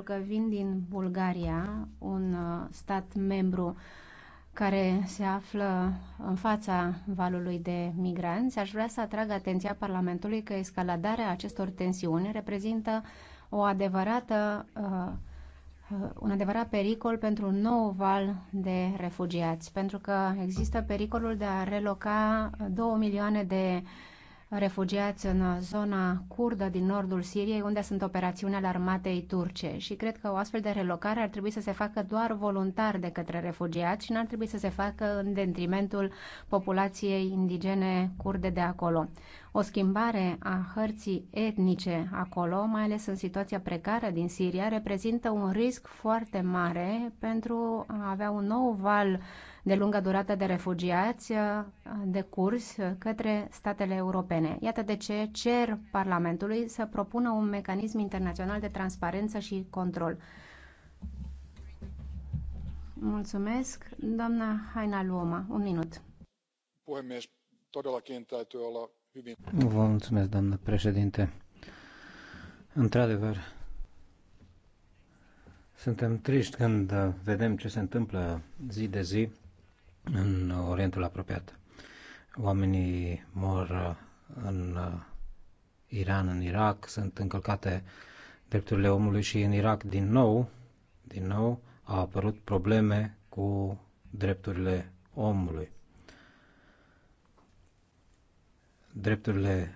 pentru că vin din Bulgaria, un uh, stat membru care se află în fața valului de migranți, aș vrea să atrag atenția Parlamentului că escaladarea acestor tensiuni reprezintă o adevărată, uh, uh un adevărat pericol pentru un nou val de refugiați, pentru că există pericolul de a reloca 2 milioane de refugiați în zona curdă din nordul Siriei, unde sunt operațiunile armatei turce. Și cred că o astfel de relocare ar trebui să se facă doar voluntar de către refugiați și nu ar trebui să se facă în detrimentul populației indigene curde de acolo. O schimbare a hărții etnice acolo, mai ales în situația precară din Siria, reprezintă un risc foarte mare pentru a avea un nou val de lungă durată de refugiați uh, de curs uh, către statele europene. Iată de ce cer Parlamentului să propună un mecanism internațional de transparență și control. Mulțumesc. Doamna Haina Luoma, un minut. Vă mulțumesc, doamnă președinte. Într-adevăr, suntem triști când vedem ce se întâmplă zi de zi în Orientul apropiat. Oamenii mor uh, în uh, Iran, în Irak, sunt încălcate drepturile omului și în Irak din nou, din nou au apărut probleme cu drepturile omului. Drepturile,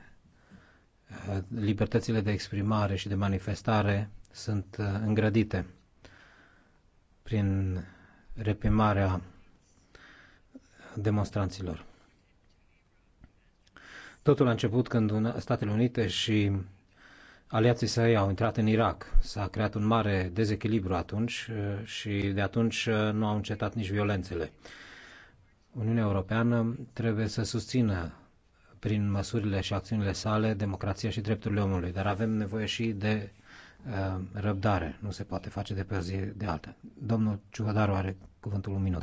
uh, libertățile de exprimare și de manifestare sunt îngrădite prin reprimarea demonstranților. Totul a început când Statele Unite și aliații săi au intrat în Irak. S-a creat un mare dezechilibru atunci uh, și de atunci uh, nu au încetat nici violențele. Uniunea Europeană trebuie să susțină prin măsurile și acțiunile sale democrația și drepturile omului, dar avem nevoie și de uh, răbdare. Nu se poate face de pe o zi de alta. Domnul Ciuhădaru are cuvântul un minut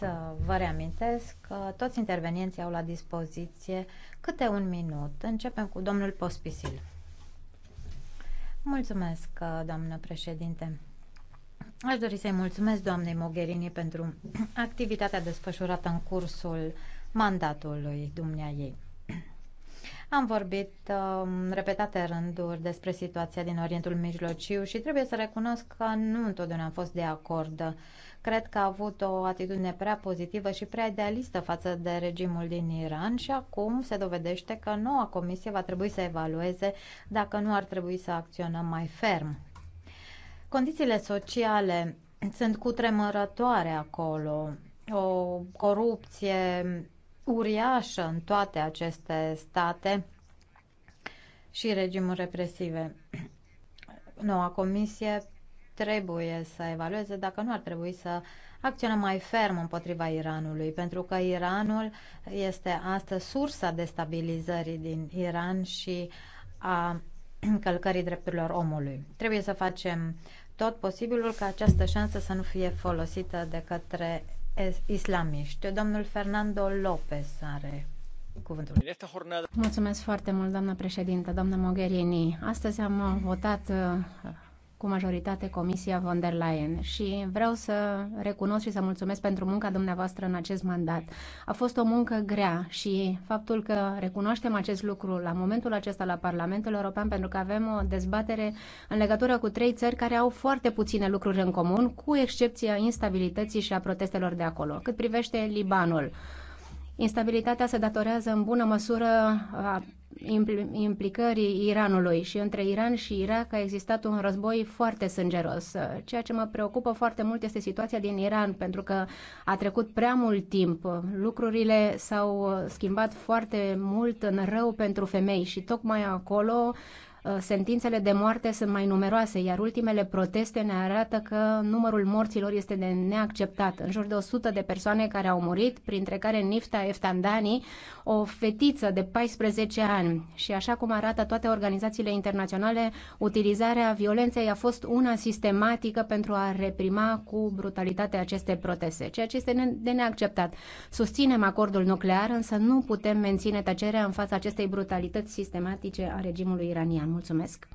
să vă reamintesc că toți intervenienții au la dispoziție câte un minut. Începem cu domnul Pospisil. Mulțumesc, doamnă președinte. Aș dori să-i mulțumesc doamnei Mogherini pentru activitatea desfășurată în cursul mandatului dumnea ei. Am vorbit um, repetate rânduri despre situația din Orientul Mijlociu și trebuie să recunosc că nu întotdeauna am fost de acord. Cred că a avut o atitudine prea pozitivă și prea idealistă față de regimul din Iran și acum se dovedește că noua comisie va trebui să evalueze dacă nu ar trebui să acționăm mai ferm. Condițiile sociale sunt cutremărătoare acolo. O corupție uriașă în toate aceste state și regimuri represive. Noua comisie trebuie să evalueze dacă nu ar trebui să acționăm mai ferm împotriva Iranului, pentru că Iranul este astăzi sursa destabilizării din Iran și a încălcării drepturilor omului. Trebuie să facem tot posibilul ca această șansă să nu fie folosită de către islamiști. Domnul Fernando López are cuvântul. Mulțumesc foarte mult, doamnă președintă, doamnă Mogherini. Astăzi am votat uh, cu majoritate Comisia von der Leyen și vreau să recunosc și să mulțumesc pentru munca dumneavoastră în acest mandat. A fost o muncă grea și faptul că recunoaștem acest lucru la momentul acesta la Parlamentul European pentru că avem o dezbatere în legătură cu trei țări care au foarte puține lucruri în comun, cu excepția instabilității și a protestelor de acolo. Cât privește Libanul, Instabilitatea se datorează în bună măsură a implicării Iranului și între Iran și Irak a existat un război foarte sângeros. Ceea ce mă preocupă foarte mult este situația din Iran, pentru că a trecut prea mult timp. Lucrurile s-au schimbat foarte mult în rău pentru femei și tocmai acolo Uh, sentințele de moarte sunt mai numeroase, iar ultimele proteste ne arată că numărul morților este de neacceptat. În jur de 100 de persoane care au murit, printre care Nifta Eftandani, o fetiță de 14 ani. Și așa cum arată toate organizațiile internaționale, utilizarea violenței a fost una sistematică pentru a reprima cu brutalitate aceste proteste, ceea ce este de neacceptat. Susținem acordul nuclear, însă nu putem menține tăcerea în fața acestei brutalități sistematice a regimului iranian. Mulțumesc!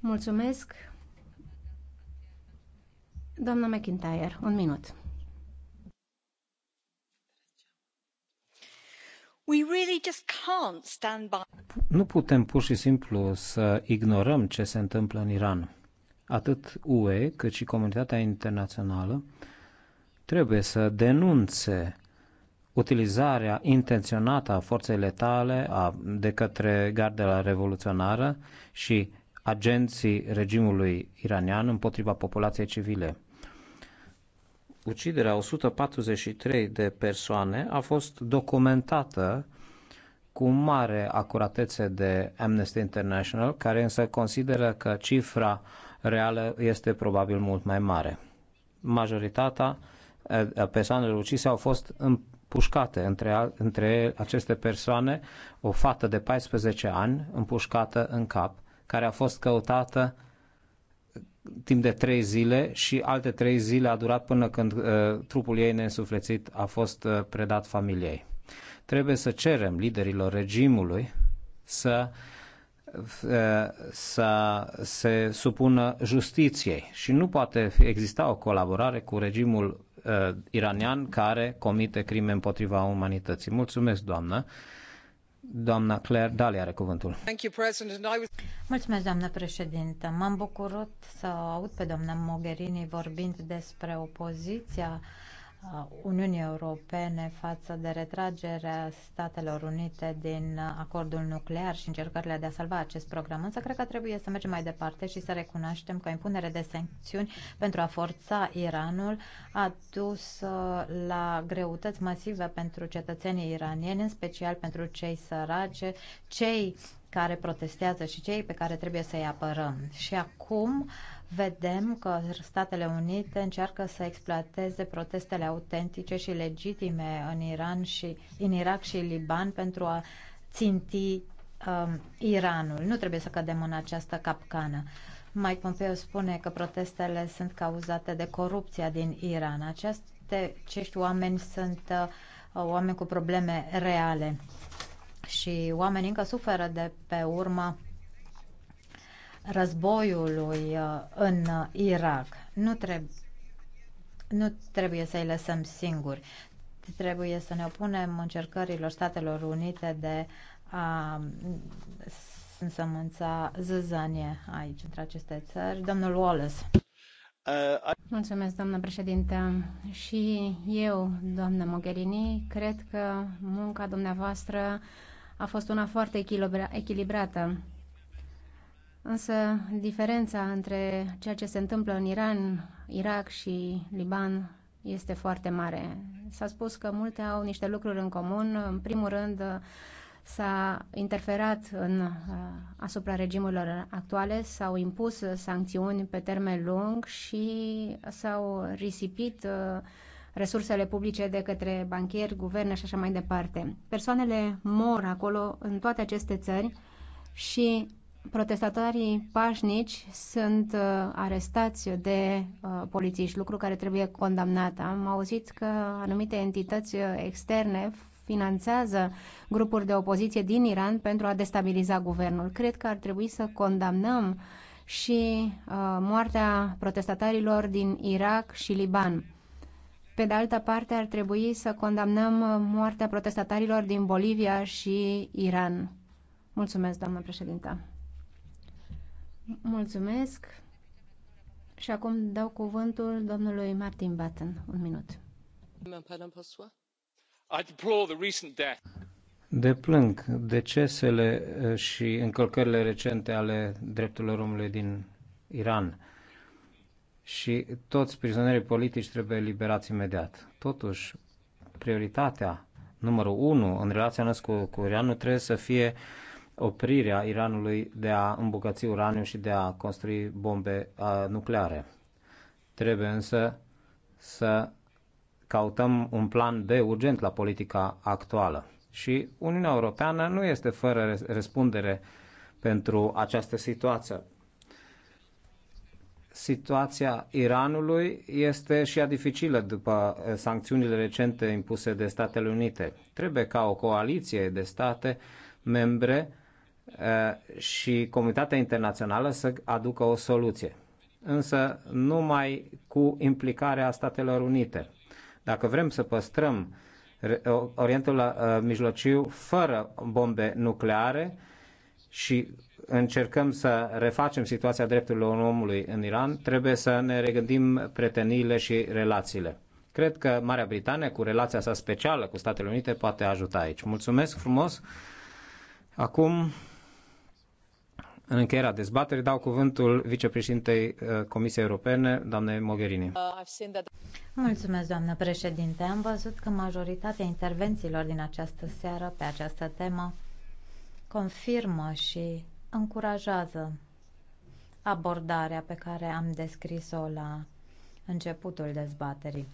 Mulțumesc! Doamna McIntyre, un minut. We really just can't stand by. Nu putem pur și simplu să ignorăm ce se întâmplă în Iran. Atât UE cât și comunitatea internațională trebuie să denunțe utilizarea intenționată a forței letale a, de către gardela revoluționară și agenții regimului iranian împotriva populației civile. Uciderea 143 de persoane a fost documentată cu mare acuratețe de Amnesty International, care însă consideră că cifra reală este probabil mult mai mare. Majoritatea eh, persoanelor ucise au fost în împușcate între, între aceste persoane, o fată de 14 ani împușcată în cap, care a fost căutată timp de trei zile și alte trei zile a durat până când uh, trupul ei neînsuflețit a fost uh, predat familiei. Trebuie să cerem liderilor regimului să uh, să se supună justiției și nu poate exista o colaborare cu regimul uh, iranian care comite crime împotriva umanității. Mulțumesc, doamnă. Doamna Claire Dali are cuvântul. Mulțumesc, doamnă președintă. M-am bucurat să aud pe doamna Mogherini vorbind despre opoziția uh, Uniunii Europene față de retragerea Statelor Unite din acordul nuclear și încercările de a salva acest program. Însă cred că trebuie să mergem mai departe și să recunoaștem că impunerea de sancțiuni pentru a forța Iranul a dus uh, la greutăți masive pentru cetățenii iranieni, în special pentru cei sărace, cei care protestează și cei pe care trebuie să-i apărăm. Și acum uh, vedem că Statele Unite încearcă să exploateze protestele autentice și legitime în Iran și în Irak și Liban pentru a ținti um, Iranul. Nu trebuie să cădem în această capcană. Mike Pompeo spune că protestele sunt cauzate de corupția din Iran. Aceste, acești oameni sunt uh, oameni cu probleme reale și oamenii încă suferă de pe urma războiului uh, în uh, Irak. Nu, treb- nu trebuie să-i lăsăm singuri. Trebuie să ne opunem încercărilor Statelor Unite de a însămânța zâzanie aici, între aceste țări. Domnul Wallace. Uh, Mulțumesc, doamnă președinte Și eu, doamnă Mogherini, cred că munca dumneavoastră a fost una foarte echilibrată Însă diferența între ceea ce se întâmplă în Iran, Irak și Liban este foarte mare. S-a spus că multe au niște lucruri în comun. În primul rând, s-a interferat în, uh, asupra regimurilor actuale, s-au impus sancțiuni pe termen lung și s-au risipit uh, resursele publice de către banchieri, guverne și așa mai departe. Persoanele mor acolo, în toate aceste țări, și protestatarii pașnici sunt uh, arestați de uh, polițiști, lucru care trebuie condamnat. Am auzit că anumite entități uh, externe finanțează grupuri de opoziție din Iran pentru a destabiliza guvernul. Cred că ar trebui să condamnăm și uh, moartea protestatarilor din Irak și Liban. Pe de altă parte, ar trebui să condamnăm uh, moartea protestatarilor din Bolivia și Iran. Mulțumesc, doamnă președintă. Mulțumesc. Și acum dau cuvântul domnului Martin Batten. Un minut. Deplâng decesele eh, și încălcările recente ale drepturilor omului din Iran și toți prizonerii politici trebuie eliberați imediat. Totuși, prioritatea numărul unu în relația noastră cu, cu Iranul trebuie să fie uh, oprirea Iranului de a îmbogăți uraniu și de a construi bombe uh, nucleare. Trebuie însă să căutăm un plan B urgent la politica actuală. Și Uniunea Europeană nu este fără răspundere pentru această situație. Situația Iranului este și ea dificilă după uh, sancțiunile recente impuse de Statele Unite. Trebuie ca o coaliție de state membre Uh, și comunitatea internațională să aducă o soluție. Însă numai cu implicarea Statelor Unite. Dacă vrem să păstrăm Orientul uh, Mijlociu fără bombe nucleare și încercăm să refacem situația drepturilor omului în Iran, trebuie să ne regândim preteniile și relațiile. Cred că Marea Britanie, cu relația sa specială cu Statele Unite, poate ajuta aici. Mulțumesc frumos! Acum în încheierea dezbaterii dau cuvântul vicepreședintei uh, Comisiei Europene, doamne Mogherini. Mulțumesc, doamnă președinte. Am văzut că majoritatea intervențiilor din această seară pe această temă confirmă și încurajează abordarea pe care am descris-o la începutul dezbaterii.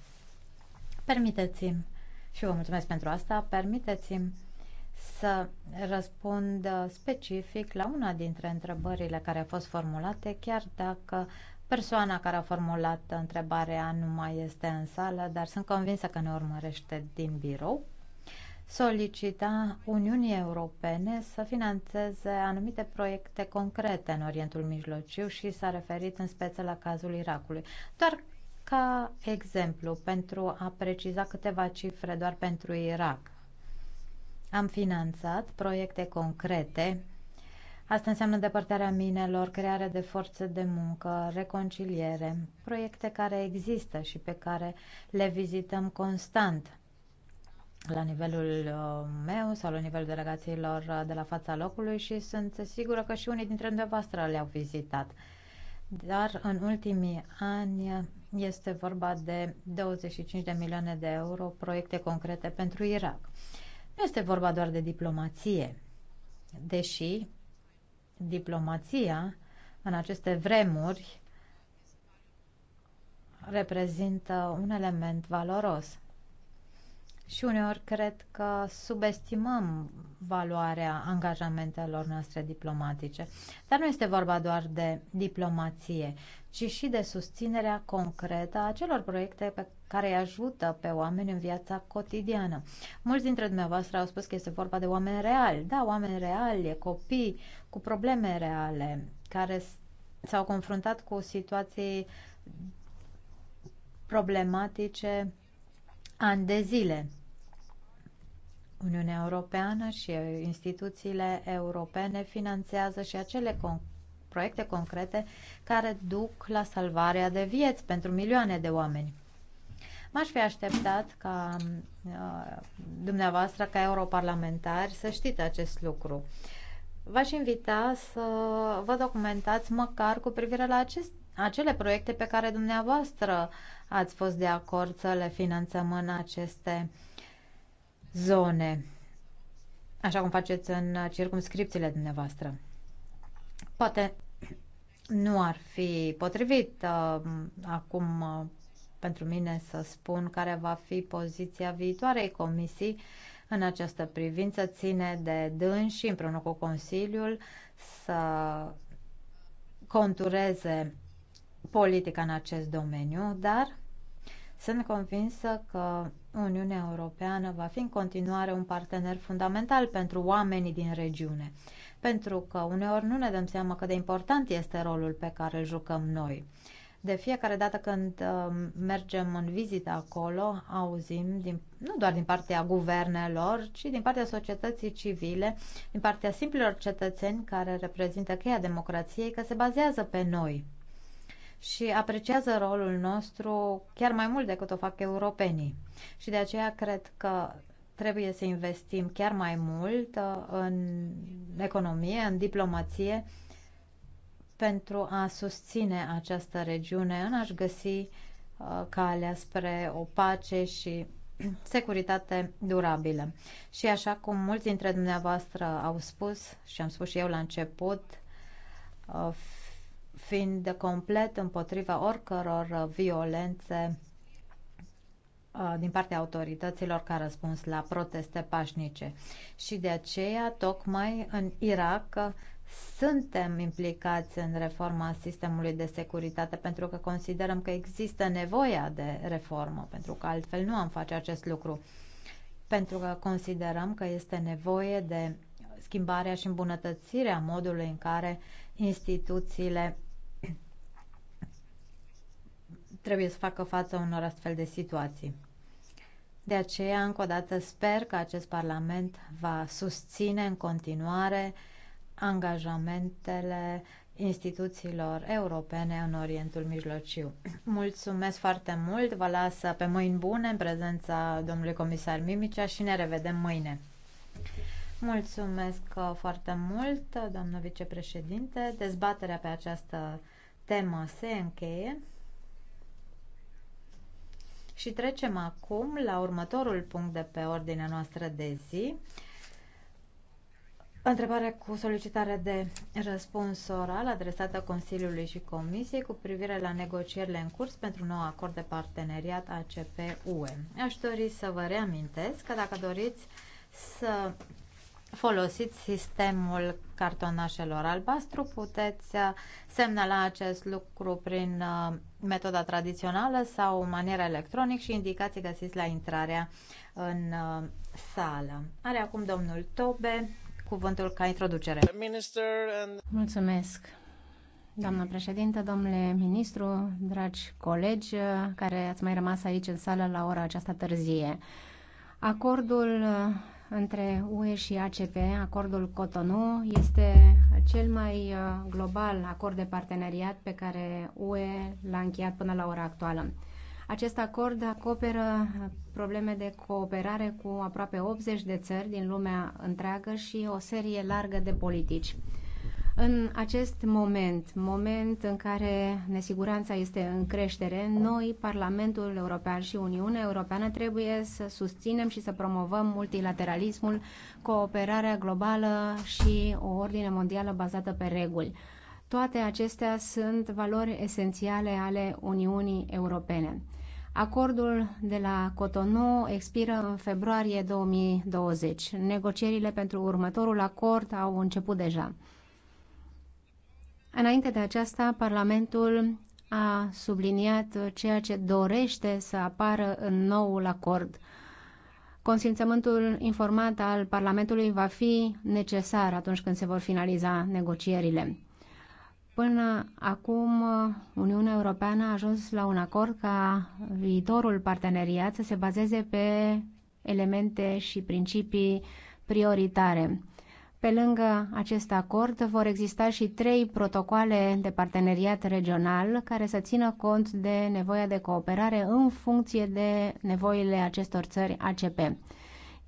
Permiteți-mi, și vă mulțumesc pentru asta, permiteți-mi să răspund specific la una dintre întrebările care a fost formulate, chiar dacă persoana care a formulat întrebarea nu mai este în sală, dar sunt convinsă că ne urmărește din birou solicita Uniunii Europene să financeze anumite proiecte concrete în Orientul Mijlociu și s-a referit în speță la cazul Irakului. Doar ca exemplu, pentru a preciza câteva cifre doar pentru Irak. Am finanțat proiecte concrete. Asta înseamnă depărtarea minelor, crearea de forțe de muncă, reconciliere, proiecte care există și pe care le vizităm constant la nivelul uh, meu sau la nivelul delegațiilor uh, de la fața locului și sunt sigură că și unii dintre dumneavoastră le-au vizitat. Dar în ultimii ani este vorba de 25 de milioane de euro proiecte concrete pentru Irak. Nu este vorba doar de diplomație, deși diplomația în aceste vremuri reprezintă un element valoros. Și uneori cred că subestimăm valoarea angajamentelor noastre diplomatice. Dar nu este vorba doar de diplomație, ci și de susținerea concretă a celor proiecte pe care îi ajută pe oameni în viața cotidiană. Mulți dintre dumneavoastră au spus că este vorba de oameni reali. Da, oameni reali, copii cu probleme reale, care s-au confruntat cu situații problematice ani de zile. Uniunea Europeană și instituțiile europene finanțează și acele con- proiecte concrete care duc la salvarea de vieți pentru milioane de oameni. M-aș fi așteptat ca uh, dumneavoastră, ca europarlamentari, să știți acest lucru. V-aș invita să vă documentați măcar cu privire la acest, acele proiecte pe care dumneavoastră ați fost de acord să le finanțăm în aceste zone, așa cum faceți în circumscripțiile dumneavoastră. Poate nu ar fi potrivit uh, acum uh, pentru mine să spun care va fi poziția viitoarei comisii în această privință. Ține de dânsi împreună cu Consiliul să contureze politica în acest domeniu, dar sunt convinsă că Uniunea Europeană va fi în continuare un partener fundamental pentru oamenii din regiune, pentru că uneori nu ne dăm seama cât de important este rolul pe care îl jucăm noi. De fiecare dată când um, mergem în vizită acolo, auzim, din, nu doar din partea guvernelor, ci din partea societății civile, din partea simplilor cetățeni care reprezintă cheia democrației, că se bazează pe noi și apreciază rolul nostru chiar mai mult decât o fac europenii. Și de aceea cred că trebuie să investim chiar mai mult uh, în economie, în diplomație, pentru a susține această regiune în a-și găsi uh, calea spre o pace și securitate durabilă. Și așa cum mulți dintre dumneavoastră au spus și am spus și eu la început, uh, fiind complet împotriva oricăror violențe uh, din partea autorităților ca răspuns la proteste pașnice. Și de aceea, tocmai în Irak, suntem implicați în reforma sistemului de securitate pentru că considerăm că există nevoia de reformă, pentru că altfel nu am face acest lucru. Pentru că considerăm că este nevoie de schimbarea și îmbunătățirea modului în care instituțiile trebuie să facă față unor astfel de situații. De aceea, încă o dată, sper că acest Parlament va susține în continuare uh, angajamentele instituțiilor europene în Orientul Mijlociu. Mulțumesc foarte mult, vă las pe mâini bune în prezența domnului comisar Mimicea și ne revedem mâine. Mulțumesc uh, foarte mult, uh, doamnă vicepreședinte. Dezbaterea pe această temă se încheie. Și trecem acum la următorul punct de pe ordinea noastră de zi. Întrebare cu solicitare de răspuns oral adresată Consiliului și Comisiei cu privire la negocierile în curs pentru un nou acord de parteneriat ACP-UE. Aș dori să vă reamintesc că dacă doriți să folosiți sistemul cartonașelor albastru, puteți uh, semnala acest lucru prin uh, metoda tradițională sau maniera manieră electronic și indicații găsiți la intrarea în uh, sală. Are acum domnul Tobe cuvântul ca introducere. Mulțumesc. Doamnă președintă, domnule ministru, dragi colegi care ați mai rămas aici în sală la ora aceasta târzie. Acordul între UE și ACP, acordul Cotonou, este cel mai uh, global acord de parteneriat pe care UE l-a încheiat până la ora actuală. Acest acord acoperă probleme de cooperare cu aproape 80 de țări din lumea întreagă și o serie largă de politici. În acest moment, moment în care nesiguranța este în creștere, noi, Parlamentul European și Uniunea Europeană, trebuie să susținem și să promovăm multilateralismul, cooperarea globală și o ordine mondială bazată pe reguli. Toate acestea sunt valori esențiale ale Uniunii Europene. Acordul de la Cotonou expiră în februarie 2020. Negocierile pentru următorul acord au început deja. Înainte de aceasta, Parlamentul a subliniat ceea ce dorește să apară în noul acord. Consimțământul informat al Parlamentului va fi necesar atunci când se vor finaliza negocierile. Până acum, Uniunea Europeană a ajuns la un acord ca viitorul parteneriat să se bazeze pe elemente și principii prioritare. Pe lângă acest acord vor exista și trei protocoale de parteneriat regional care să țină cont de nevoia de cooperare în funcție de nevoile acestor țări ACP.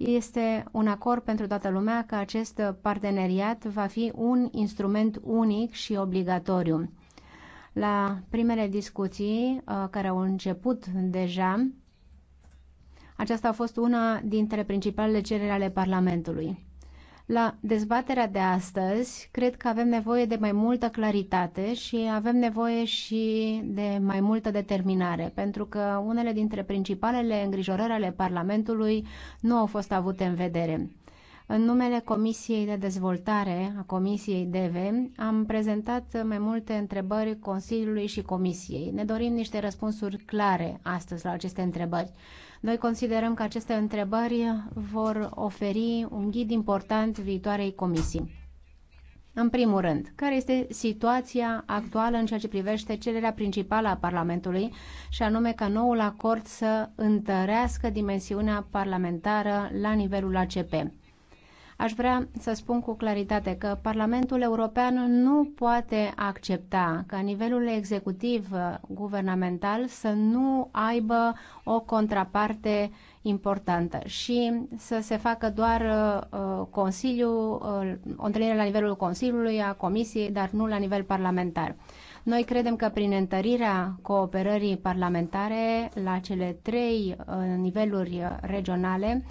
Este un acord pentru toată lumea că acest parteneriat va fi un instrument unic și obligatoriu. La primele discuții uh, care au început deja, aceasta a fost una dintre principalele cereri ale Parlamentului. La dezbaterea de astăzi, cred că avem nevoie de mai multă claritate și avem nevoie și de mai multă determinare, pentru că unele dintre principalele îngrijorări ale Parlamentului nu au fost avute în vedere. În numele Comisiei de Dezvoltare a Comisiei DV, am prezentat mai multe întrebări Consiliului și Comisiei. Ne dorim niște răspunsuri clare astăzi la aceste întrebări. Noi considerăm că aceste întrebări vor oferi un ghid important viitoarei comisii. În primul rând, care este situația actuală în ceea ce privește cererea principală a Parlamentului, și anume ca noul acord să întărească dimensiunea parlamentară la nivelul ACP. Aș vrea să spun cu claritate că Parlamentul European nu poate accepta ca nivelul executiv uh, guvernamental să nu aibă o contraparte importantă și să se facă doar uh, uh, Consiliu, uh, o întâlnire la nivelul Consiliului, a Comisiei, dar nu la nivel parlamentar. Noi credem că prin întărirea cooperării parlamentare la cele trei uh, niveluri regionale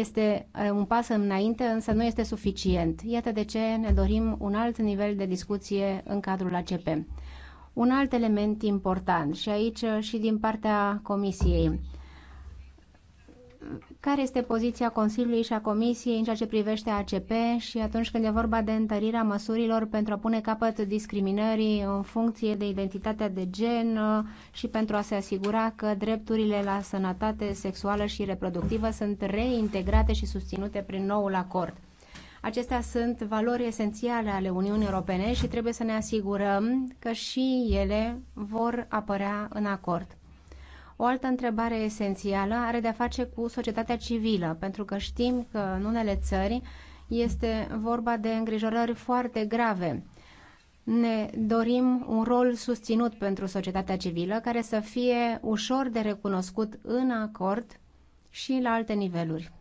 este un pas înainte, însă nu este suficient. Iată de ce ne dorim un alt nivel de discuție în cadrul ACP. Un alt element important și aici și din partea Comisiei care este poziția Consiliului și a Comisiei în ceea ce privește ACP și atunci când e vorba de întărirea măsurilor pentru a pune capăt discriminării în funcție de identitatea de gen și pentru a se asigura că drepturile la sănătate sexuală și reproductivă sunt reintegrate și susținute prin noul acord. Acestea sunt valori esențiale ale Uniunii Europene și trebuie să ne asigurăm că și ele vor apărea în acord. O altă întrebare esențială are de-a face cu societatea civilă, pentru că știm că în unele țări este vorba de îngrijorări foarte grave. Ne dorim un rol susținut pentru societatea civilă care să fie ușor de recunoscut în acord și la alte niveluri.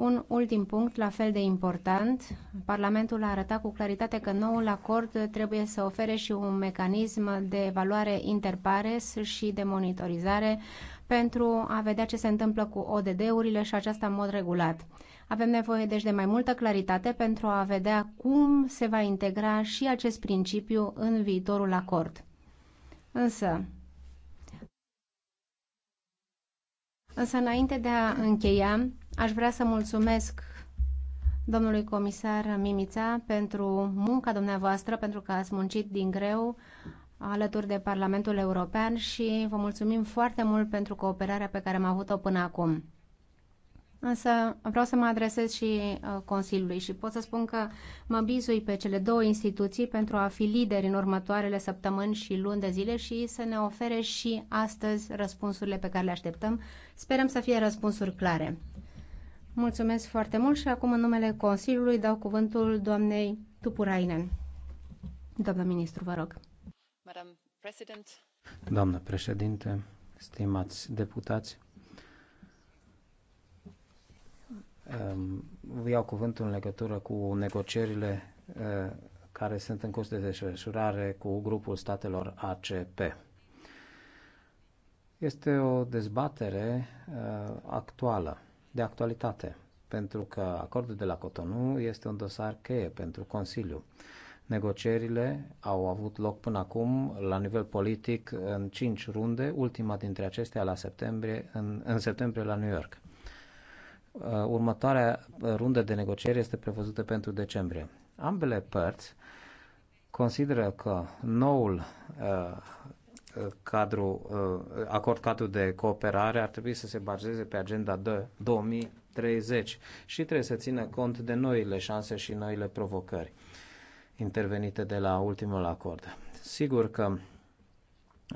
Un ultim punct, la fel de important, Parlamentul a arătat cu claritate că noul acord trebuie să ofere și un mecanism de evaluare interpares și de monitorizare pentru a vedea ce se întâmplă cu ODD-urile și aceasta în mod regulat. Avem nevoie deci de mai multă claritate pentru a vedea cum se va integra și acest principiu în viitorul acord. Însă, însă înainte de a încheia, Aș vrea să mulțumesc domnului comisar Mimița pentru munca dumneavoastră, pentru că ați muncit din greu alături de Parlamentul European și vă mulțumim foarte mult pentru cooperarea pe care am avut-o până acum. Însă vreau să mă adresez și uh, Consiliului și pot să spun că mă bizui pe cele două instituții pentru a fi lideri în următoarele săptămâni și luni de zile și să ne ofere și astăzi răspunsurile pe care le așteptăm. Sperăm să fie răspunsuri clare. Mulțumesc foarte mult și acum în numele Consiliului dau cuvântul doamnei Tupurainen. Doamna ministru, vă rog. Doamnă președinte, stimați deputați, um, vă iau cuvântul în legătură cu negocierile uh, care sunt în curs de desfășurare cu grupul statelor ACP. Este o dezbatere uh, actuală de actualitate, pentru că acordul de la Cotonou este un dosar cheie pentru Consiliu. Negocierile au avut loc până acum la nivel politic în cinci runde, ultima dintre acestea la septembrie, în, în septembrie la New York. Uh, următoarea rundă de negocieri este prevăzută pentru decembrie. Ambele părți consideră că noul uh, Uh, cadru, uh, acord cadru de cooperare ar trebui să se bazeze pe agenda de 2030 și trebuie să țină cont de noile șanse și noile provocări intervenite de la ultimul acord. Sigur că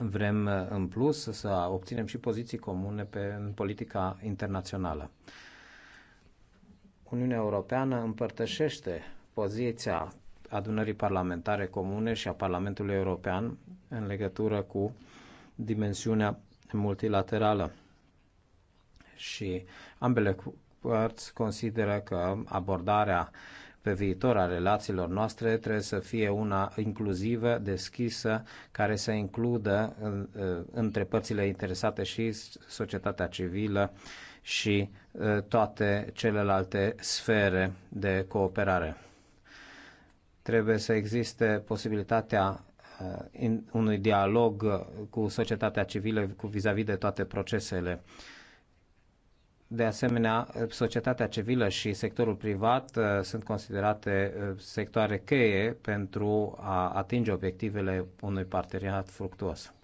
vrem uh, în plus să obținem și poziții comune pe, în politica internațională. Uniunea Europeană împărtășește poziția adunării parlamentare comune și a Parlamentului European în legătură cu dimensiunea multilaterală. Și ambele părți consideră că abordarea pe viitor a relațiilor noastre trebuie să fie una inclusivă, deschisă, care să includă în, între părțile interesate și societatea civilă și ă, toate celelalte sfere de cooperare. Trebuie să existe posibilitatea uh, unui dialog uh, cu societatea civilă cu vis-a-vis de toate procesele. De asemenea, uh, societatea civilă și sectorul privat sunt considerate sectoare cheie pentru a atinge obiectivele unui parteneriat fructuos.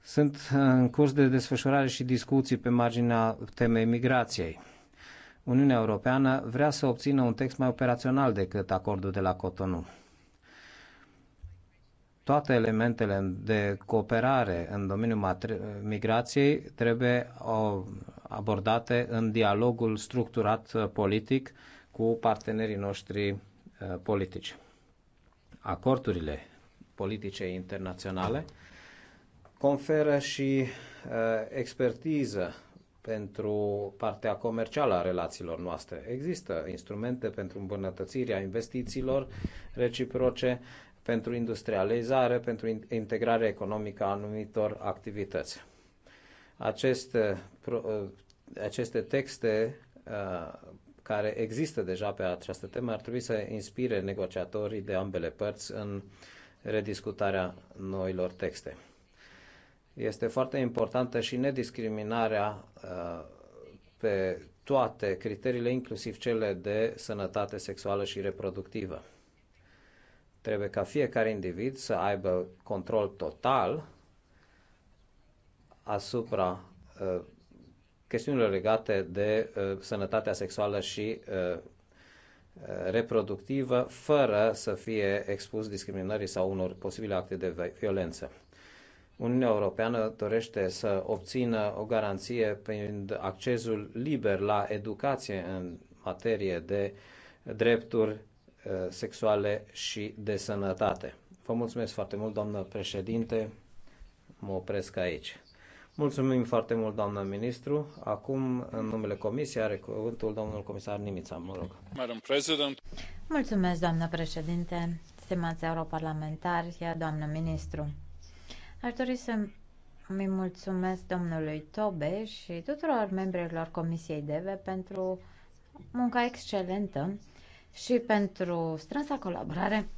Sunt în curs de desfășurare și discuții pe marginea temei migrației Uniunea Europeană vrea să obțină un text mai operațional decât acordul de la Cotonou. Toate elementele de cooperare în domeniul migrației trebuie abordate în dialogul structurat uh, politic cu partenerii noștri uh, politici. Acordurile politice internaționale conferă și uh, expertiză pentru partea comercială a relațiilor noastre. Există instrumente pentru îmbunătățirea investițiilor reciproce, pentru industrializare, pentru integrarea economică a anumitor activități. Aceste, ă, aceste texte ă, care există deja pe această temă ar trebui să inspire negociatorii de ambele părți în rediscutarea noilor texte. Este foarte importantă și nediscriminarea uh, pe toate criteriile, inclusiv cele de sănătate sexuală și reproductivă. Trebuie ca fiecare individ să aibă control total asupra uh, chestiunilor legate de uh, sănătatea sexuală și reproductivă, fără să fie expus discriminării sau unor posibile acte de violență. Uniunea Europeană dorește să obțină o garanție prin accesul liber la educație în materie de drepturi eh, sexuale și de sănătate. Vă mulțumesc foarte mult, doamnă președinte. Mă opresc aici. Mulțumim foarte mult, doamnă ministru. Acum, în numele comisiei, are cuvântul domnul comisar Nimița, mă rog. Madam President. Mulțumesc, doamnă președinte, stimați europarlamentari, doamnă ministru. Aș dori să îi mulțumesc domnului Tobe și tuturor membrilor Comisiei DEVE pentru munca excelentă și pentru strânsa colaborare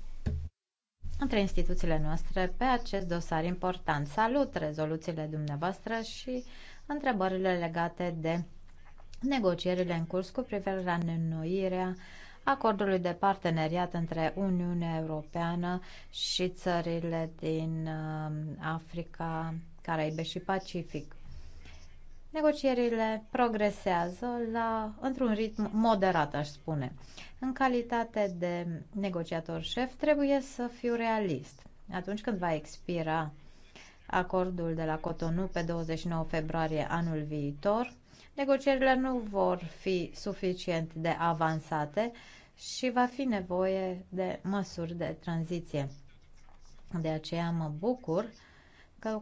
între instituțiile noastre pe acest dosar important. Salut rezoluțiile dumneavoastră și întrebările legate de negocierile în curs cu privire la nenoirea acordului de parteneriat între Uniunea Europeană și țările din uh, Africa, Caraibe și Pacific. Negocierile progresează la, într-un ritm moderat, aș spune. În calitate de negociator șef, trebuie să fiu realist. Atunci când va expira acordul de la Cotonou pe 29 februarie anul viitor, negocierile nu vor fi suficient de avansate și va fi nevoie de măsuri de tranziție. De aceea mă bucur că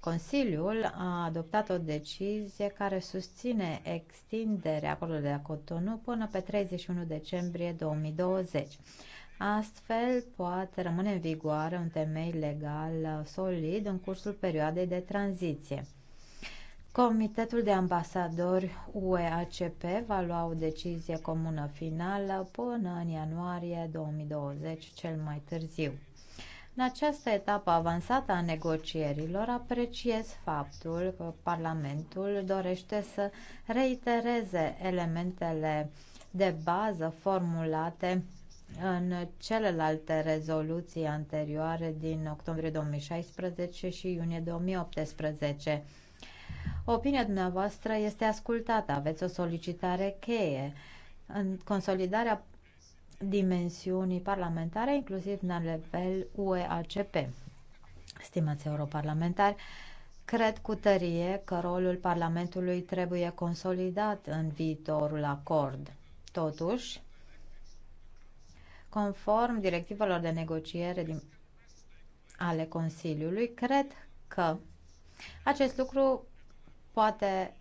Consiliul a adoptat o decizie care susține extinderea acordului de la Cotonou până pe 31 decembrie 2020. Astfel, poate rămâne în vigoare un temei legal solid în cursul perioadei de tranziție. Comitetul de ambasadori (UEACP) va lua o decizie comună finală până în ianuarie 2020, cel mai târziu. În această etapă avansată a negocierilor, apreciez faptul că Parlamentul dorește să reitereze elementele de bază formulate în celelalte rezoluții anterioare din octombrie 2016 și iunie 2018 Opinia dumneavoastră este ascultată. Aveți o solicitare cheie în consolidarea dimensiunii parlamentare, inclusiv la nivel UE-ACP. Stimați europarlamentari, Cred cu tărie că rolul Parlamentului trebuie consolidat în viitorul acord. Totuși, conform directivelor de negociere din, ale Consiliului, cred că acest lucru poate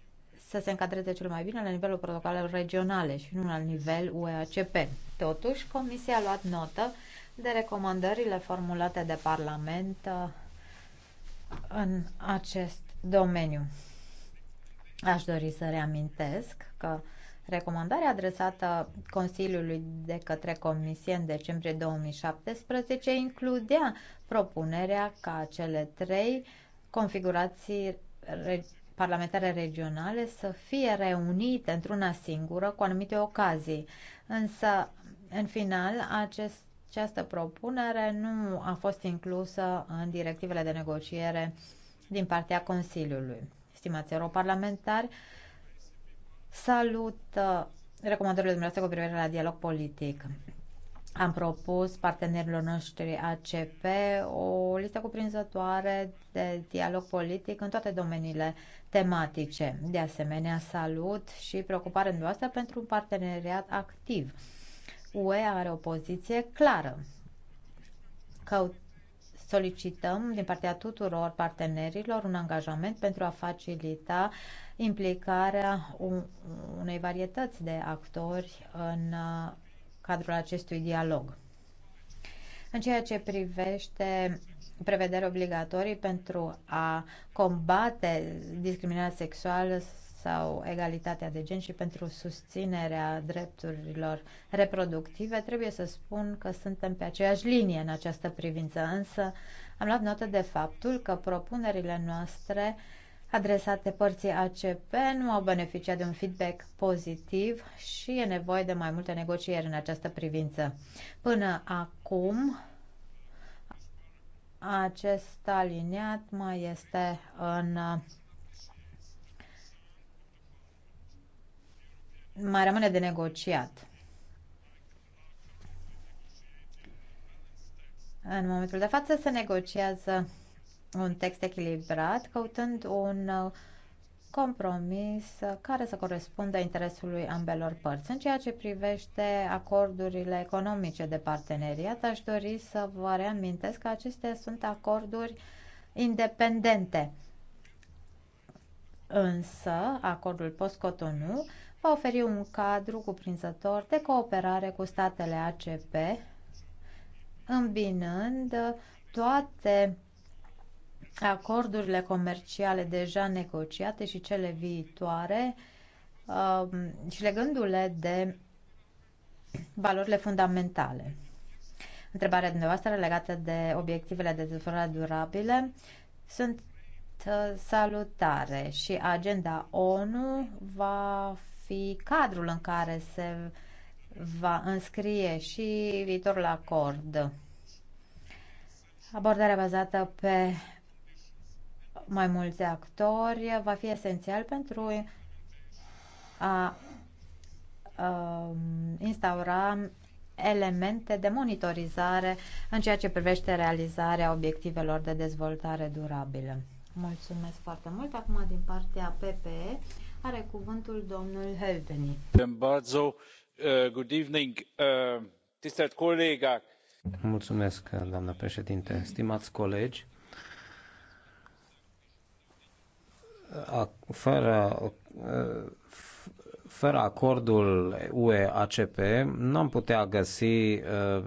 să se încadreze cel mai bine la nivelul protocolelor regionale și nu la nivel UEACP. Totuși, Comisia a luat notă de recomandările formulate de Parlament uh, în acest domeniu. Aș dori să reamintesc că recomandarea adresată Consiliului de către Comisie în decembrie 2017 includea propunerea ca cele trei configurații parlamentare regionale să fie reunite într-una singură cu anumite ocazii. Însă, în final, acest, această propunere nu a fost inclusă în directivele de negociere din partea Consiliului. Stimați europarlamentari, salut uh, recomandările dumneavoastră cu privire la dialog politic. Am propus partenerilor noștri ACP o listă cuprinzătoare de dialog politic în toate domeniile tematice. De asemenea, salut și preocuparea noastră pentru un parteneriat activ. UE are o poziție clară. Căut solicităm din partea tuturor partenerilor un angajament pentru a facilita implicarea unei varietăți de actori în cadrul acestui dialog. În ceea ce privește prevederi obligatorii pentru a combate discriminarea sexuală sau egalitatea de gen și pentru susținerea drepturilor reproductive, trebuie să spun că suntem pe aceeași linie în această privință, însă am luat notă de faptul că propunerile noastre uh, adresate părții ACP nu au beneficiat de un feedback pozitiv și e nevoie de mai multe negocieri în această privință. Până acum, acest aliniat mai este în mai rămâne de negociat. În momentul de față se negociază un text echilibrat, căutând un uh, compromis uh, care să corespundă interesului ambelor părți. În ceea ce privește acordurile economice de parteneriat, aș dori să vă reamintesc că acestea sunt acorduri independente. Însă, acordul post-Cotonou va oferi un cadru cuprinzător de cooperare cu statele ACP, îmbinând toate acordurile comerciale deja negociate și cele viitoare um, și legându-le de valorile fundamentale. Întrebarea dumneavoastră legată de obiectivele de dezvoltare durabile sunt uh, salutare și agenda ONU va fi cadrul în care se va înscrie și viitorul acord. Abordarea bazată pe mai mulți actori va fi esențial pentru a, a instaura elemente de monitorizare în ceea ce privește realizarea obiectivelor de dezvoltare durabilă. Mulțumesc foarte mult. Acum, din partea PPE, are cuvântul domnul Helveni. Good evening, Mulțumesc, doamnă președinte. Stimați colegi, fără, fără acordul UE-ACP nu am putea găsi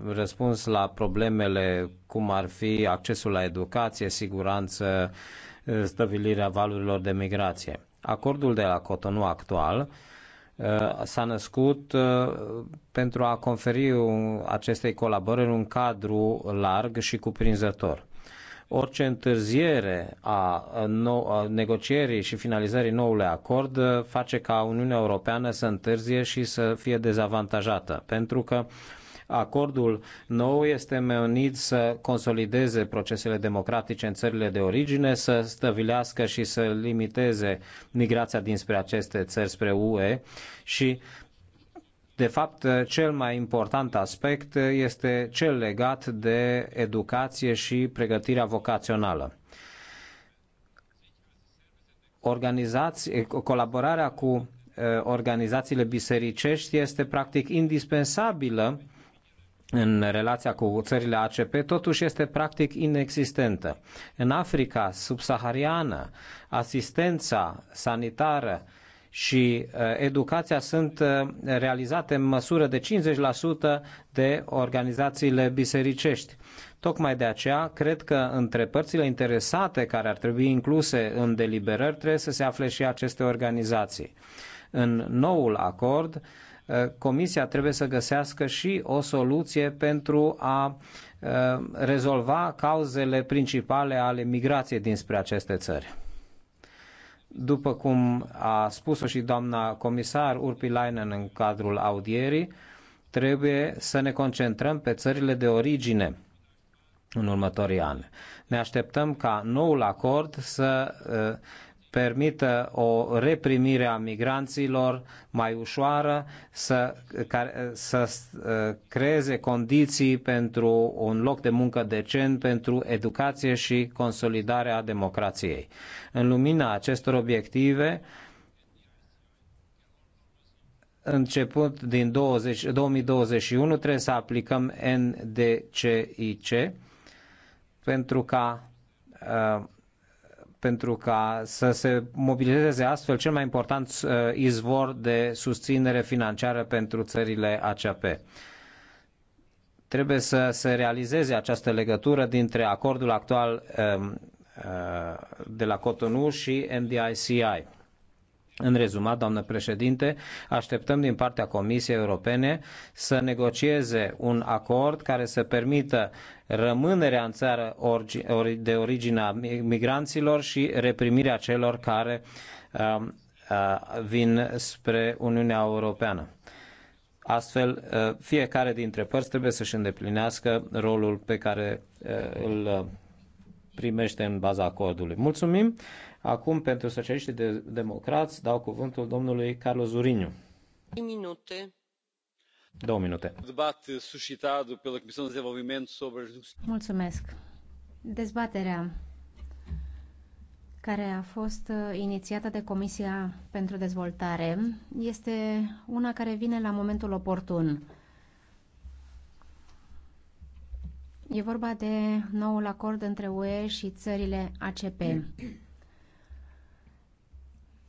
răspuns la problemele cum ar fi accesul la educație, siguranță, stabilirea valurilor de migrație. Acordul de la Cotonou actual s-a născut pentru a conferi acestei colaborări un cadru larg și cuprinzător. Orice întârziere a, nou, a negocierii și finalizării noului acord face ca Uniunea Europeană să întârzie și să fie dezavantajată, pentru că acordul nou este menit să consolideze procesele democratice în țările de origine, să stăvilească și să limiteze migrația dinspre aceste țări spre UE și de fapt, cel mai important aspect este cel legat de educație și pregătirea vocațională organizații, colaborarea cu eh, organizațiile bisericești este practic indispensabilă în relația cu țările ACP, totuși este practic inexistentă. În Africa subsahariană, asistența sanitară uh, și uh, educația sunt uh, realizate în măsură de 50% de organizațiile bisericești. Tocmai de aceea, cred că între părțile interesate care ar trebui incluse în deliberări trebuie să se afle și aceste organizații. În noul acord, uh, Comisia trebuie să găsească și o soluție pentru a rezolva cauzele principale ale migrației dinspre aceste țări. După cum a spus-o și doamna comisar Urpilainen în cadrul audierii, trebuie să ne concentrăm pe țările de origine în următorii ani. Ne așteptăm ca noul acord să uh, permită o reprimire a migranților mai ușoară, să, ca, să ă, creeze condiții pentru un loc de muncă decent, pentru educație și consolidarea democrației. În lumina acestor obiective, început din 20, 2021 trebuie să aplicăm NDCIC pentru ca uh, pentru ca să se mobilizeze astfel cel mai important uh, izvor de susținere financiară pentru țările ACP. Trebuie să se realizeze această legătură dintre acordul actual um, uh, de la Cotonou și MDICI. În rezumat, doamnă președinte, așteptăm din partea Comisiei Europene să negocieze un acord care să permită rămânerea în țară de origine a migranților și reprimirea celor care um, uh, vin spre Uniunea Europeană. Astfel, uh, fiecare dintre părți trebuie să-și îndeplinească rolul pe care uh, îl primește în baza acordului. Mulțumim! Acum, pentru socialiștii de democrați, dau cuvântul domnului Carlos Zuriniu. Minute. Două minute. Debate suscitat pela Comisia de Desenvolvimento sobre... Mulțumesc. Dezbaterea care a fost uh, inițiată de Comisia pentru Dezvoltare este una care vine la momentul oportun. E vorba de noul acord între UE și țările ACP.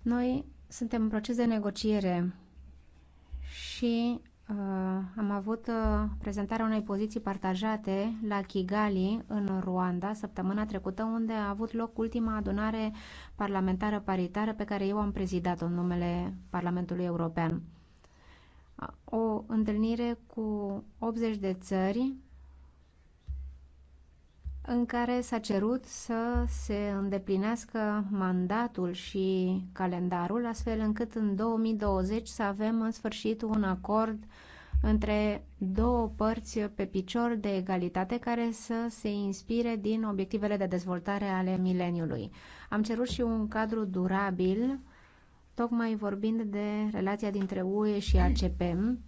Noi suntem în proces de negociere și uh, am avut uh, prezentarea unei poziții partajate la Kigali, în Ruanda, săptămâna trecută, unde a avut loc ultima adunare parlamentară paritară pe care eu am prezidat-o în numele Parlamentului European. O întâlnire cu 80 de țări în care s-a cerut să se îndeplinească mandatul și calendarul, astfel încât în 2020 să avem în sfârșit un acord între două părți pe picior de egalitate care să se inspire din obiectivele de dezvoltare ale mileniului. Am cerut și un cadru durabil, tocmai vorbind de relația dintre UE și ACPM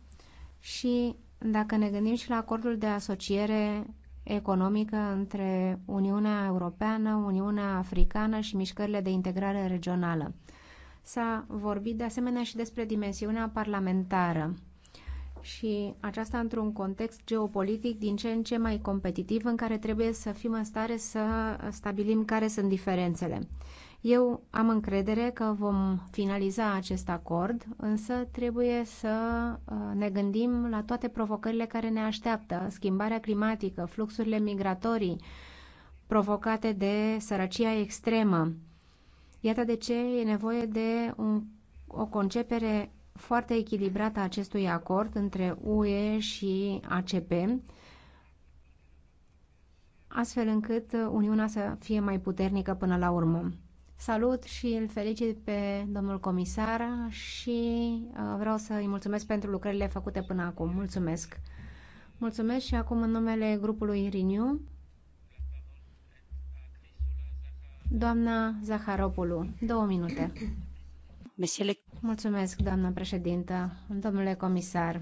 și dacă ne gândim și la acordul de asociere economică între Uniunea Europeană, Uniunea Africană și mișcările de integrare regională. S-a vorbit de asemenea și despre dimensiunea parlamentară și aceasta într-un context geopolitic din ce în ce mai competitiv în care trebuie să fim în stare să stabilim care sunt diferențele. Eu am încredere că vom finaliza acest acord, însă trebuie să uh, ne gândim la toate provocările care ne așteaptă, schimbarea climatică, fluxurile migratorii provocate de sărăcia extremă. Iată de ce e nevoie de un, o concepere foarte echilibrată a acestui acord între UE și ACP, astfel încât Uniunea să fie mai puternică până la urmă. Salut și îl felicit pe domnul comisar și uh, vreau să îi mulțumesc pentru lucrările făcute până acum. Mulțumesc! Mulțumesc și acum în numele grupului Renew, doamna Zaharopulu, două minute. Mulțumesc, doamnă președintă, domnule comisar.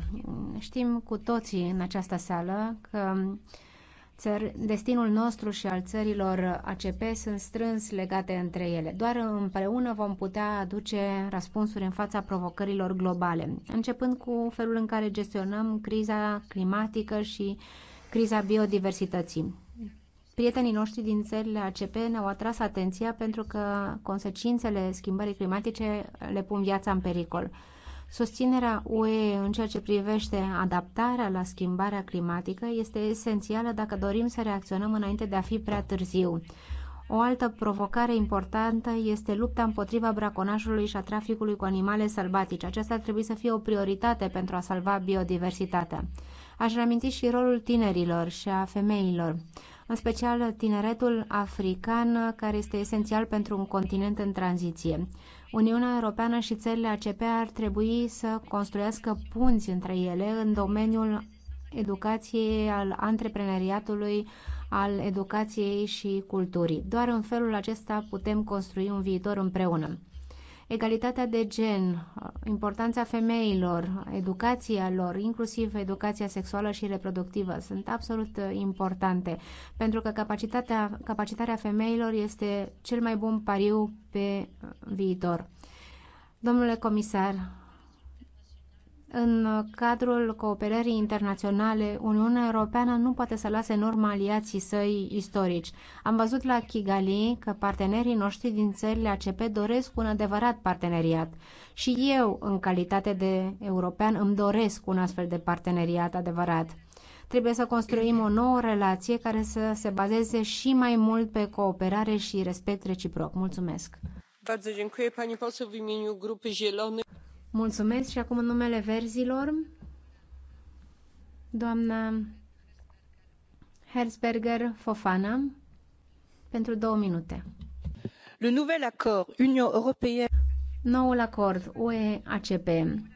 Știm cu toții în această sală că Țări, destinul nostru și al țărilor ACP sunt strâns legate între ele. Doar împreună vom putea aduce răspunsuri în fața provocărilor globale, începând cu felul în care gestionăm criza climatică și criza biodiversității. Prietenii noștri din țările ACP ne-au atras atenția pentru că consecințele schimbării climatice le pun viața în pericol. Susținerea UE în ceea ce privește adaptarea la schimbarea climatică este esențială dacă dorim să reacționăm înainte de a fi prea târziu. O altă provocare importantă este lupta împotriva braconajului și a traficului cu animale sălbatice. Aceasta ar trebui să fie o prioritate pentru a salva biodiversitatea. Aș reaminti și rolul tinerilor și a femeilor în special tineretul african, care este esențial pentru un continent în tranziție. Uniunea Europeană și țările ACP ar trebui să construiască punți între ele în domeniul educației, al antreprenoriatului, al educației și culturii. Doar în felul acesta putem construi un viitor împreună egalitatea de gen, importanța femeilor, educația lor, inclusiv educația sexuală și reproductivă, sunt absolut uh, importante, pentru că capacitatea, capacitarea femeilor este cel mai bun pariu pe uh, viitor. Domnule comisar, în cadrul cooperării internaționale, Uniunea Europeană nu poate să lase în urmă aliații săi istorici. Am văzut la Kigali că partenerii noștri din țările ACP doresc un adevărat parteneriat. Și eu, în calitate de european, îmi doresc un astfel de parteneriat adevărat trebuie să construim o nouă relație care să se bazeze și mai mult pe cooperare și respect reciproc. Mulțumesc! Mulțumesc și acum în numele verzilor, doamna Herzberger Fofana, pentru două minute. Le nouvel accord Union européenne Noul acord UE-ACP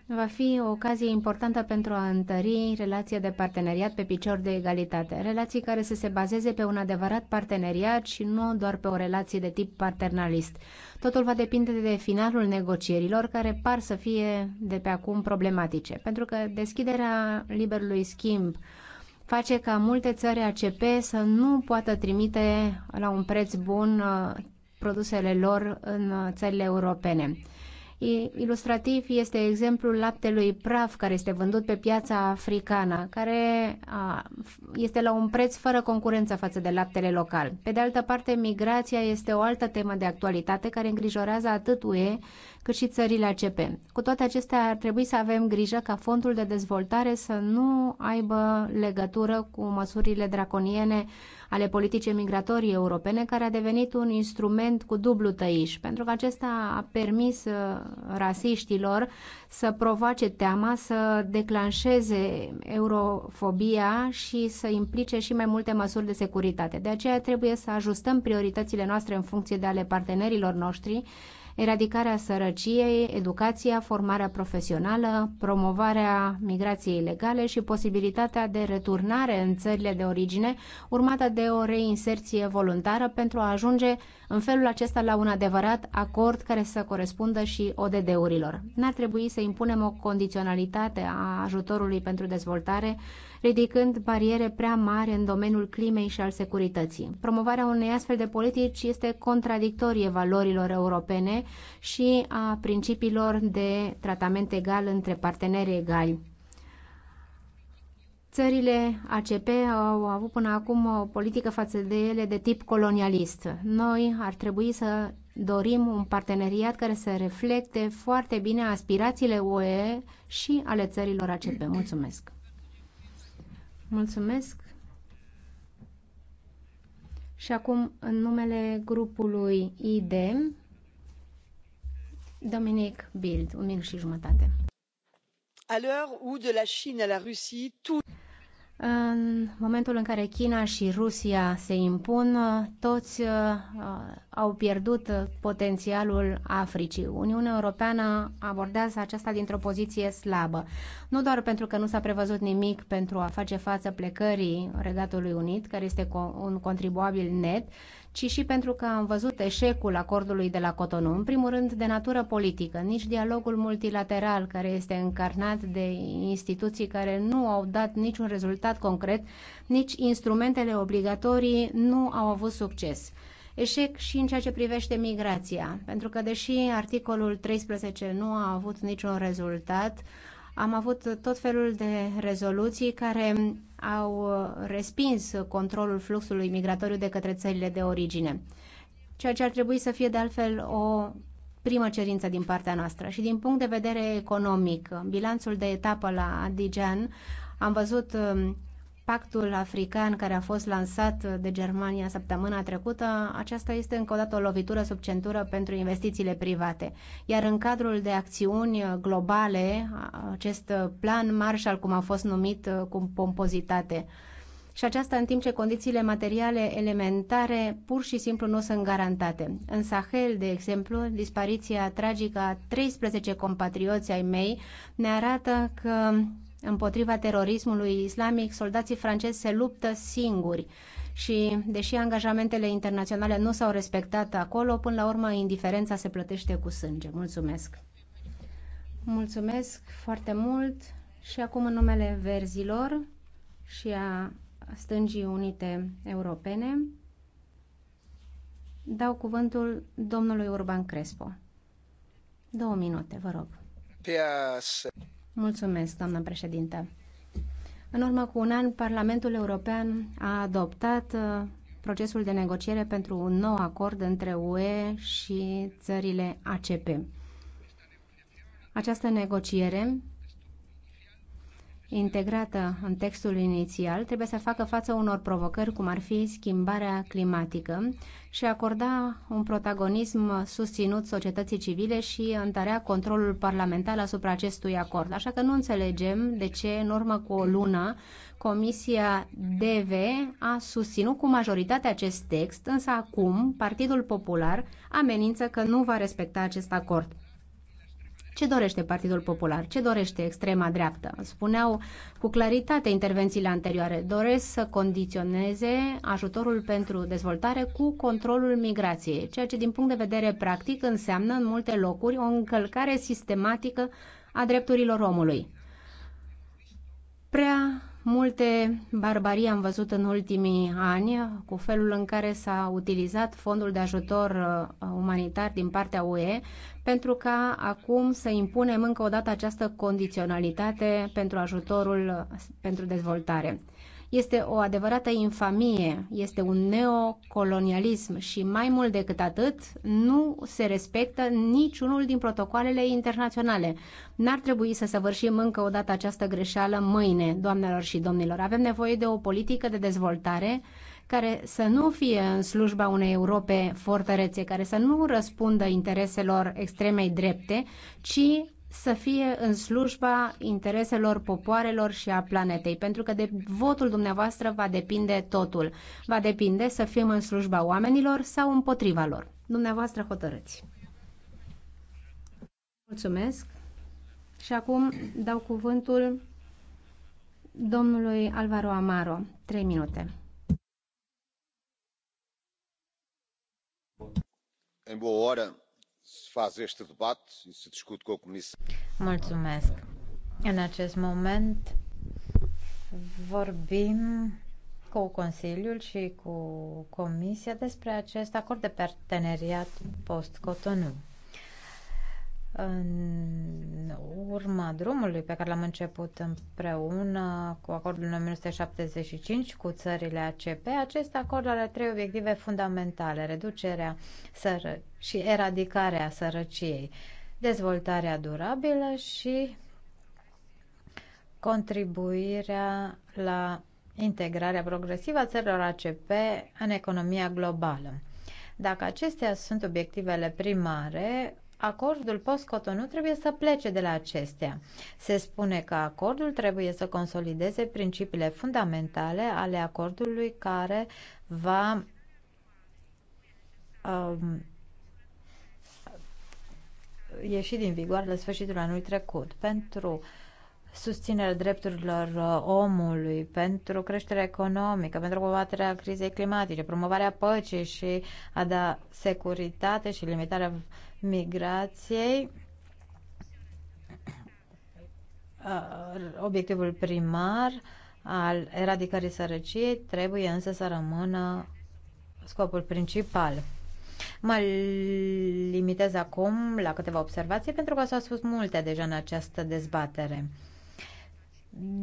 va fi o ocazie importantă pentru a întări relația de parteneriat pe picior de egalitate, relații care să se bazeze pe un adevărat parteneriat și nu doar pe o relație de tip paternalist. Totul va depinde de finalul negocierilor, care par să fie de pe acum problematice, pentru că deschiderea liberului schimb face ca multe țări ACP să nu poată trimite la un preț bun uh, produsele lor în uh, țările europene. Ilustrativ este exemplul laptelui praf care este vândut pe piața africană, care este la un preț fără concurență față de laptele local. Pe de altă parte, migrația este o altă temă de actualitate care îngrijorează atât UE cât și țările ACP. Cu toate acestea, ar trebui să avem grijă ca fondul de dezvoltare să nu aibă legătură cu măsurile draconiene ale politicii migratorii europene, care a devenit un instrument cu dublu tăiș, pentru că acesta a permis uh, rasiștilor să provoace teama, să declanșeze eurofobia și să implice și mai multe măsuri de securitate. De aceea trebuie să ajustăm prioritățile noastre în funcție de ale partenerilor noștri, eradicarea sărăciei, educația, formarea profesională, promovarea migrației legale și posibilitatea de returnare în țările de origine, urmată de o reinserție voluntară pentru a ajunge în felul acesta la un adevărat acord care să corespundă și ODD-urilor. N-ar trebui să impunem o condiționalitate a ajutorului pentru dezvoltare ridicând bariere prea mari în domeniul climei și al securității. Promovarea unei astfel de politici este contradictorie valorilor europene și a principiilor de tratament egal între parteneri egali. Țările ACP au avut până acum o politică față de ele de tip colonialist. Noi ar trebui să dorim un parteneriat care să reflecte foarte bine aspirațiile UE și ale țărilor ACP. Mulțumesc! Mulțumesc. Și acum, în numele grupului ID, Dominic Bild, un minut și jumătate. À l'heure où de la Chine à la Russie, tout în momentul în care China și Rusia se impun, toți uh, au pierdut potențialul Africii. Uniunea Europeană abordează aceasta dintr-o poziție slabă. Nu doar pentru că nu s-a prevăzut nimic pentru a face față plecării Regatului Unit, care este un contribuabil net, ci și pentru că am văzut eșecul acordului de la Cotonou, în primul rând de natură politică, nici dialogul multilateral care este încarnat de instituții care nu au dat niciun rezultat concret, nici instrumentele obligatorii nu au avut succes eșec și în ceea ce privește migrația, pentru că deși articolul 13 nu a avut niciun rezultat, am avut tot felul de rezoluții care au respins controlul fluxului migratoriu de către țările de origine, ceea ce ar trebui să fie de altfel o primă cerință din partea noastră. Și din punct de vedere economic, bilanțul de etapă la Dijan, am văzut um, pactul african care a fost lansat de Germania săptămâna trecută, aceasta este încă o dată o lovitură sub centură pentru investițiile private. Iar în cadrul de acțiuni globale, acest plan Marshall, cum a fost numit cu pompozitate, și aceasta în timp ce condițiile materiale elementare pur și simplu nu sunt garantate. În Sahel, de exemplu, dispariția tragică a 13 compatrioți ai mei ne arată că împotriva terorismului islamic, soldații francezi se luptă singuri și, deși angajamentele internaționale nu s-au respectat acolo, până la urmă indiferența se plătește cu sânge. Mulțumesc! Mulțumesc foarte mult și acum în numele verzilor și a Stângii Unite Europene dau cuvântul domnului Urban Crespo. Două minute, vă rog. Pias. Mulțumesc, doamnă președinte. În urmă cu un an, Parlamentul European a adoptat uh, procesul de negociere pentru un nou acord între UE și țările ACP. Această negociere integrată în textul inițial trebuie să facă față unor provocări, cum ar fi schimbarea climatică și acorda un protagonism susținut societății civile și întărea controlul parlamentar asupra acestui acord. Așa că nu înțelegem de ce, în urmă cu o lună, Comisia DV a susținut cu majoritate acest text, însă acum Partidul Popular amenință că nu va respecta acest acord. Ce dorește Partidul Popular? Ce dorește extrema dreaptă? Spuneau cu claritate intervențiile anterioare. Doresc să condiționeze ajutorul pentru dezvoltare cu controlul migrației, ceea ce din punct de vedere practic înseamnă în multe locuri o încălcare sistematică a drepturilor omului. Prea Multe barbarii am văzut în ultimii ani cu felul în care s-a utilizat fondul de ajutor uh, umanitar din partea UE pentru ca acum să impunem încă o dată această condiționalitate pentru ajutorul pentru dezvoltare. Este o adevărată infamie, este un neocolonialism și mai mult decât atât nu se respectă niciunul din protocoalele internaționale. N-ar trebui să săvârșim încă o dată această greșeală mâine, doamnelor și domnilor. Avem nevoie de o politică de dezvoltare care să nu fie în slujba unei Europe fortărețe, care să nu răspundă intereselor extremei drepte, ci să fie în slujba intereselor popoarelor și a planetei, pentru că de votul dumneavoastră va depinde totul. Va depinde să fim în slujba oamenilor sau împotriva lor. Dumneavoastră hotărâți. Mulțumesc. Și acum dau cuvântul domnului Alvaro Amaro. Trei minute. Em boa hora, Mulțumesc. În acest moment vorbim cu Consiliul și cu Comisia despre acest acord de parteneriat post-Cotonou în urma drumului pe care l-am început împreună cu acordul 1975 cu țările ACP, acest acord are trei obiective fundamentale, reducerea săr- și eradicarea sărăciei, dezvoltarea durabilă și contribuirea la integrarea progresivă a țărilor ACP în economia globală. Dacă acestea sunt obiectivele primare, acordul post-Cotonou trebuie să plece de la acestea. Se spune că acordul trebuie să consolideze principiile fundamentale ale acordului care va um, ieși din vigoare la sfârșitul anului trecut. Pentru susținerea drepturilor uh, omului, pentru creșterea economică, pentru combaterea crizei climatice, promovarea păcii și a da securitate și limitarea migrației. Uh, obiectivul primar al eradicării sărăciei trebuie însă să rămână scopul principal. Mă limitez acum la câteva observații pentru că s-au spus multe deja în această dezbatere.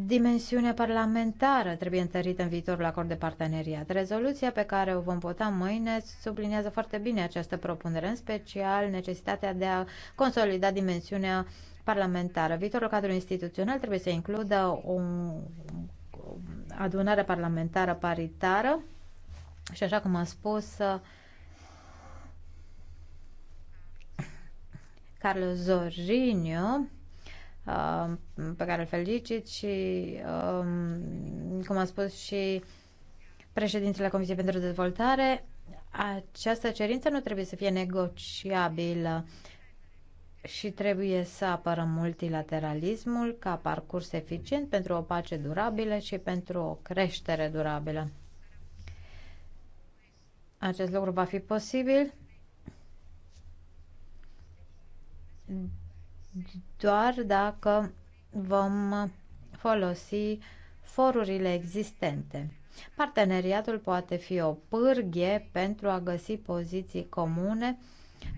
Dimensiunea parlamentară trebuie întărită în viitorul acord de parteneriat. Rezoluția pe care o vom vota mâine subliniază foarte bine această propunere, în special necesitatea de a consolida dimensiunea parlamentară. Viitorul cadru instituțional trebuie să includă o adunare parlamentară paritară și așa cum am spus Carlos Zorinio Uh, pe care îl felicit și, um, cum a spus și președintele Comisiei pentru Dezvoltare, această cerință nu trebuie să fie negociabilă și trebuie să apărăm multilateralismul ca parcurs eficient pentru o pace durabilă și pentru o creștere durabilă. Acest lucru va fi posibil doar dacă vom folosi forurile existente. Parteneriatul poate fi o pârghie pentru a găsi poziții comune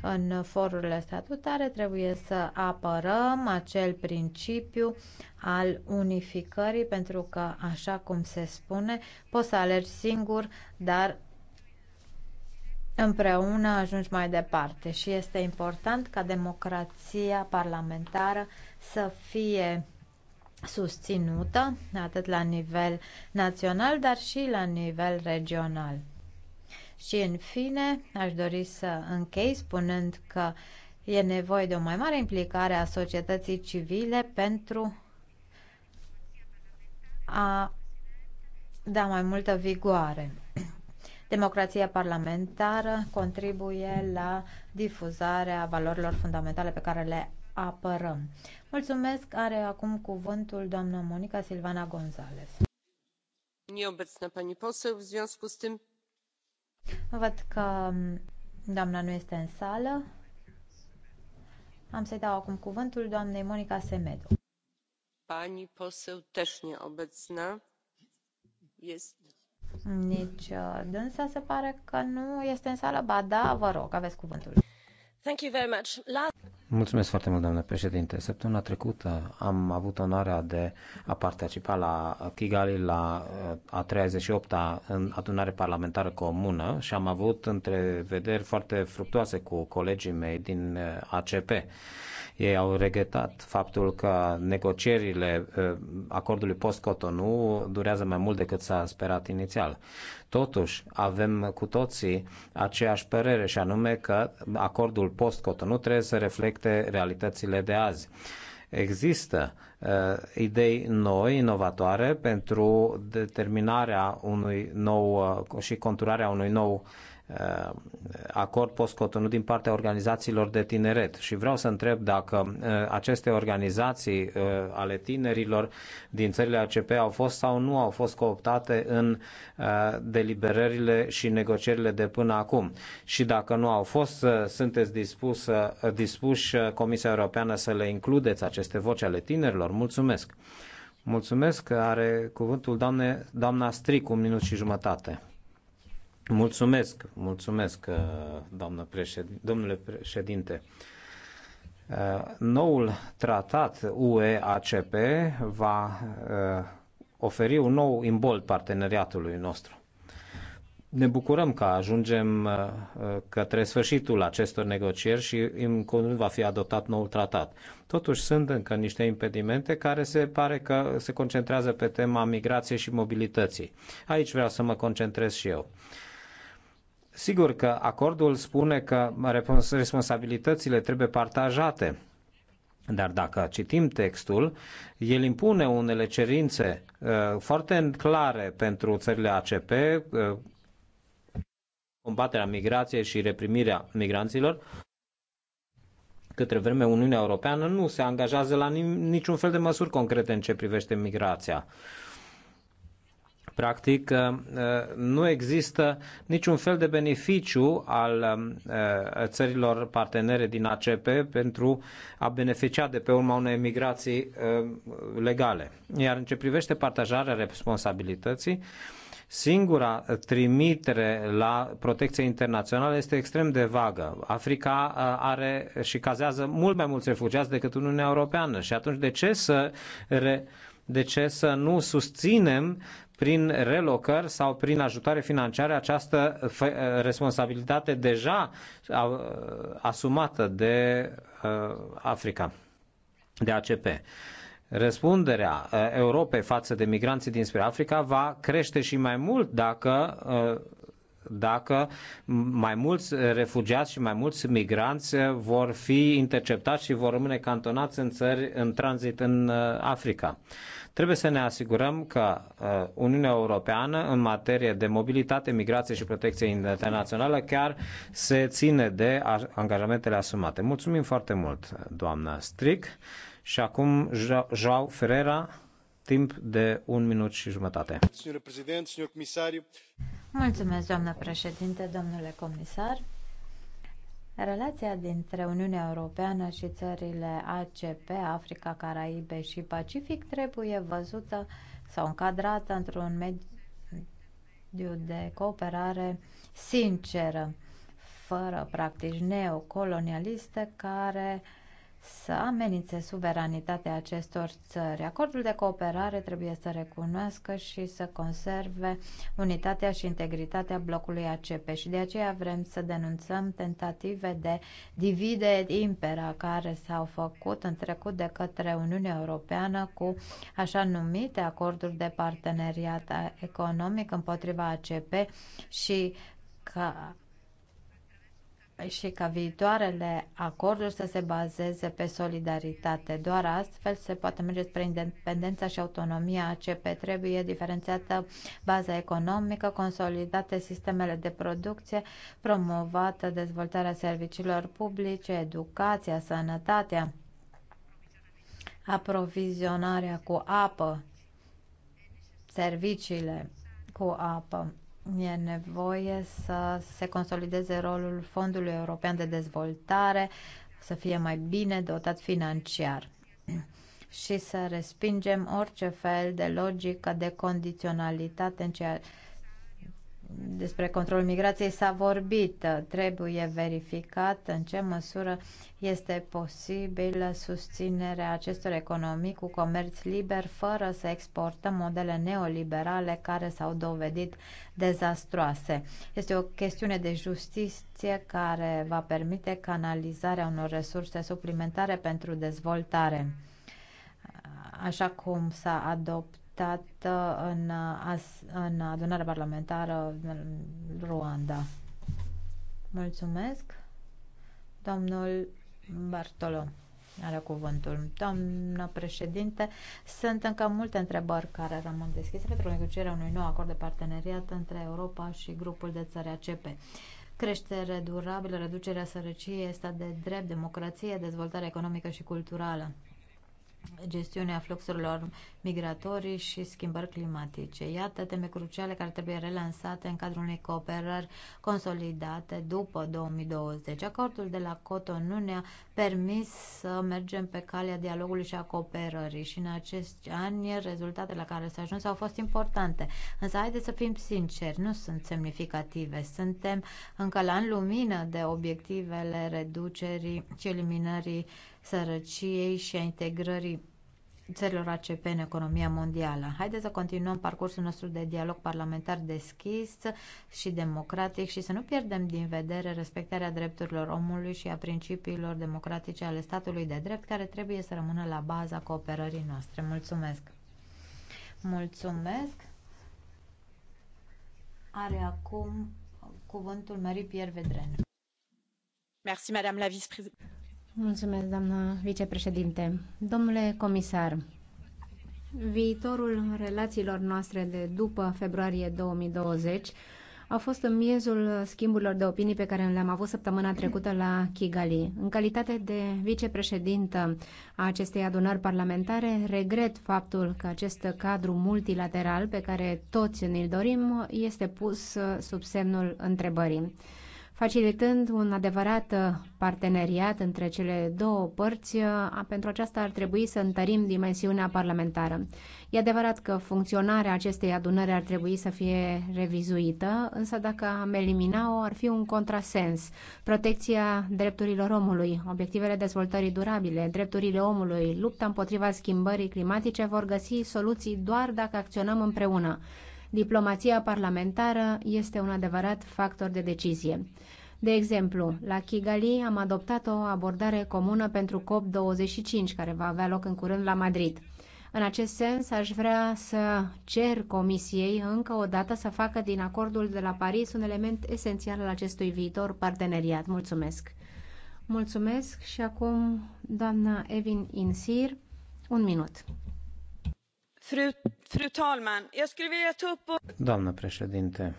în forurile statutare. Trebuie să apărăm acel principiu al unificării, pentru că, așa cum se spune, poți să alergi singur, dar împreună ajungi mai departe și este important ca democrația parlamentară să fie susținută atât la nivel național, dar și la nivel regional. Și în fine, aș dori să închei spunând că e nevoie de o mai mare implicare a societății civile pentru a da mai multă vigoare Democrația parlamentară contribuie la difuzarea valorilor fundamentale pe care le apărăm. Mulțumesc, are acum cuvântul doamna Monica Silvana Gonzalez. Nieobecna pani poseł, w związku z tym... Văd că mm, doamna nu este în sală. Am să-i dau acum cuvântul doamnei Monica Semedo. Pani poseł też nieobecna. Jest nici uh, dânsa se pare că nu este în sală. Ba da, vă rog, aveți cuvântul. Thank you very much. La... Mulțumesc foarte mult, doamnă președinte. Săptămâna trecută am avut onoarea de a participa la uh, Kigali la uh, a 38-a adunare parlamentară comună și am avut întrevederi foarte fructuoase cu colegii mei din ACP. Ei au regretat faptul că negocierile eh, acordului post-Cotonou durează mai mult decât s-a sperat inițial. Totuși, avem cu toții aceeași părere și anume că acordul post-Cotonou trebuie să reflecte realitățile de azi există uh, idei noi, inovatoare pentru determinarea unui nou uh, și conturarea unui nou Uh, acord post din partea organizațiilor de tineret și vreau să întreb dacă uh, aceste organizații uh, ale tinerilor din țările ACP au fost sau nu au fost cooptate în deliberările și negocierile de până acum și dacă nu au fost, sunteți dispus, dispuși Comisia Europeană să le includeți aceste voci ale tinerilor? Mulțumesc! Mulțumesc, are cuvântul doamne, doamna Stric, un minut și jumătate. Mulțumesc, mulțumesc, uh, doamnă președinte, domnule președinte. Uh, noul tratat UE-ACP va uh, oferi un nou imbold parteneriatului nostru. Ne bucurăm că ajungem către sfârșitul acestor negocieri și în curând va fi adoptat noul tratat. Totuși sunt încă niște impedimente care se pare că se concentrează pe tema migrației și mobilității. Aici vreau să mă concentrez și eu. Sigur că acordul spune că responsabilitățile trebuie partajate, dar dacă citim textul, el impune unele cerințe uh, foarte clare pentru țările ACP, uh, combaterea migrației și reprimirea migranților, către vreme Uniunea Europeană nu se angajează la niciun fel de măsuri concrete în ce privește migrația. Practic, uh, uh, nu există niciun fel de beneficiu al um, uh, țărilor partenere din ACP pentru a beneficia de pe urma unei migrații legale. Iar în ce privește partajarea responsabilității, singura trimitere la protecție internațională este extrem de vagă. Africa are și cazează mult mai mulți refugiați decât Uniunea Europeană și atunci de ce să re, de ce să nu susținem prin relocări sau prin ajutare financiare această responsabilitate deja uh, asumată de uh, Africa, de ACP răspunderea uh, Europei față de migranții dinspre Africa va crește și mai mult dacă dacă mai mulți refugiați și mai mulți migranți vor fi interceptați și vor rămâne cantonați în țări în tranzit în uh, Africa. Trebuie să ne asigurăm că uh, Uniunea Europeană, în materie de mobilitate, migrație și protecție internațională, chiar se ține de angajamentele asumate. Mulțumim foarte mult, doamna Stric. Și acum, Joao Ferreira, timp de un minut și jumătate. Mulțumesc, doamnă președinte, domnule comisar. Relația dintre Uniunea Europeană și țările ACP, Africa, Caraibe și Pacific trebuie văzută sau încadrată într-un mediu de cooperare sinceră, fără practici neocolonialiste care să amenințe suveranitatea acestor țări. Acordul de cooperare trebuie să recunoască și să conserve unitatea și integritatea blocului ACP și de aceea vrem să denunțăm tentative de divide impera care s-au făcut în trecut de către Uniunea Europeană cu așa numite acorduri de parteneriat economic împotriva ACP și ca și ca viitoarele acorduri să se bazeze pe solidaritate. Doar astfel se poate merge spre independența și autonomia ACP. Trebuie diferențiată baza economică, consolidate sistemele de producție, promovată dezvoltarea serviciilor publice, educația, sănătatea, aprovizionarea cu apă, serviciile cu apă e nevoie să se consolideze rolul Fondului European de Dezvoltare, să fie mai bine dotat financiar și să respingem orice fel de logică de condiționalitate în ceea despre controlul migrației s-a vorbit. Trebuie verificat în ce măsură este posibilă susținerea acestor economii cu comerț liber fără să exportăm modele neoliberale care s-au dovedit dezastroase. Este o chestiune de justiție care va permite canalizarea unor resurse suplimentare pentru dezvoltare. Așa cum s-a adoptat adoptată în, în adunarea parlamentară în Ruanda. Mulțumesc. Domnul Bartolo are cuvântul. Doamnă președinte, sunt încă multe întrebări care rămân deschise pentru negocierea unui nou acord de parteneriat între Europa și grupul de țări ACP creștere durabilă, reducerea sărăciei, stat de drept, democrație, dezvoltare economică și culturală gestiunea fluxurilor migratorii și schimbări climatice. Iată teme cruciale care trebuie relansate în cadrul unei cooperări consolidate după 2020. Acordul de la Cotonou ne-a permis să mergem pe calea dialogului și a cooperării și în acești ani rezultatele la care s-a ajuns au fost importante. Însă haideți să fim sinceri, nu sunt semnificative. Suntem încă la în lumină de obiectivele reducerii și eliminării uh, sărăciei și a integrării țărilor ACP în economia mondială. Haideți să continuăm parcursul nostru de dialog parlamentar deschis și democratic și să nu pierdem din vedere respectarea drepturilor omului și a principiilor democratice ale statului de drept, care trebuie să rămână la baza cooperării noastre. Mulțumesc! Mulțumesc! Are acum cuvântul Marie-Pierre Vedren. Merci, Madame la vice Mulțumesc, doamnă vicepreședinte. Domnule comisar, viitorul relațiilor noastre de după februarie 2020 a fost în miezul schimburilor de opinii pe care le-am avut săptămâna trecută la Kigali. În calitate de vicepreședintă a acestei adunări parlamentare, regret faptul că acest cadru multilateral pe care toți ne-l dorim este pus sub semnul întrebării facilitând un adevărat uh, parteneriat între cele două părți. Uh, pentru aceasta ar trebui să întărim dimensiunea parlamentară. E adevărat că funcționarea acestei adunări ar trebui să fie revizuită, însă dacă am elimina-o ar fi un contrasens. Protecția drepturilor omului, obiectivele dezvoltării durabile, drepturile omului, lupta împotriva schimbării climatice vor găsi soluții doar dacă acționăm împreună. Diplomația parlamentară este un adevărat factor de decizie. De exemplu, la Kigali am adoptat o abordare comună pentru COP25, care va avea loc în curând la Madrid. În acest sens, aș vrea să cer Comisiei încă o dată să facă din acordul de la Paris un element esențial al acestui viitor parteneriat. Mulțumesc! Mulțumesc și acum doamna Evin Insir, un minut. Doamnă președinte,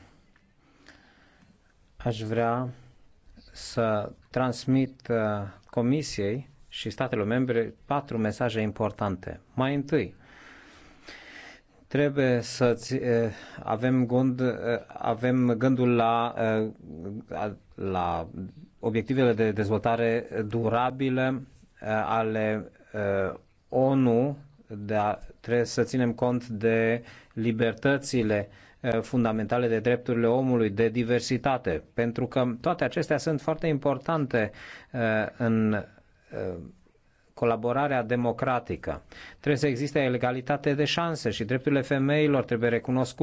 aș vrea să transmit uh, Comisiei și statelor membre patru mesaje importante. Mai întâi, trebuie să uh, avem, gând, uh, avem gândul la, la obiectivele de dezvoltare durabile ale ONU de a, trebuie să ținem cont de libertățile eh, fundamentale de drepturile omului, de diversitate, pentru că toate acestea sunt foarte importante eh, în eh, colaborarea democratică. Trebuie să existe egalitate de șanse și drepturile femeilor trebuie recunoscute